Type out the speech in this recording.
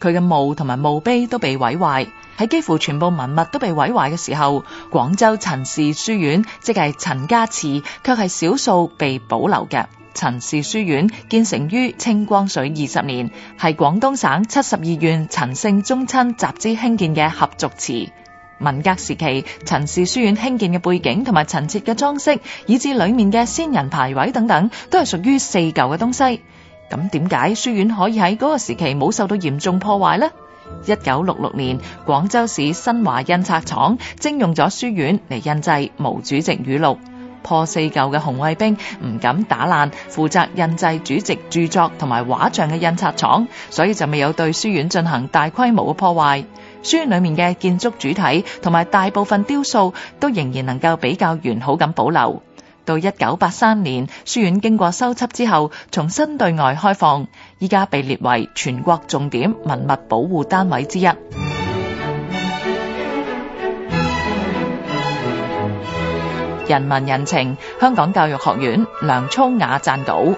佢嘅墓同埋墓碑都被毀壞，喺幾乎全部文物都被毀壞嘅時候，廣州陳氏書院即係陳家祠，卻係少數被保留嘅。陳氏書院建成於清光緒二十年，係廣東省七十二縣陳姓宗親集資興建嘅合族祠。文革時期，陳氏書院興建嘅背景同埋陳設嘅裝飾，以至裡面嘅先人牌位等等，都係屬於四舊嘅東西。咁點解書院可以喺嗰個時期冇受到嚴重破壞呢？一九六六年，廣州市新華印刷廠徵用咗書院嚟印製毛主席語錄，破四舊嘅紅衛兵唔敢打爛，負責印製主席著作同埋畫像嘅印刷廠，所以就未有對書院進行大規模嘅破壞。書院裏面嘅建築主體同埋大部分雕塑都仍然能夠比較完好咁保留。到一九八三年，書院經過修葺之後，重新對外開放。依家被列為全國重點文物保護單位之一。 人民人情，香港教育學院梁操雅撰稿。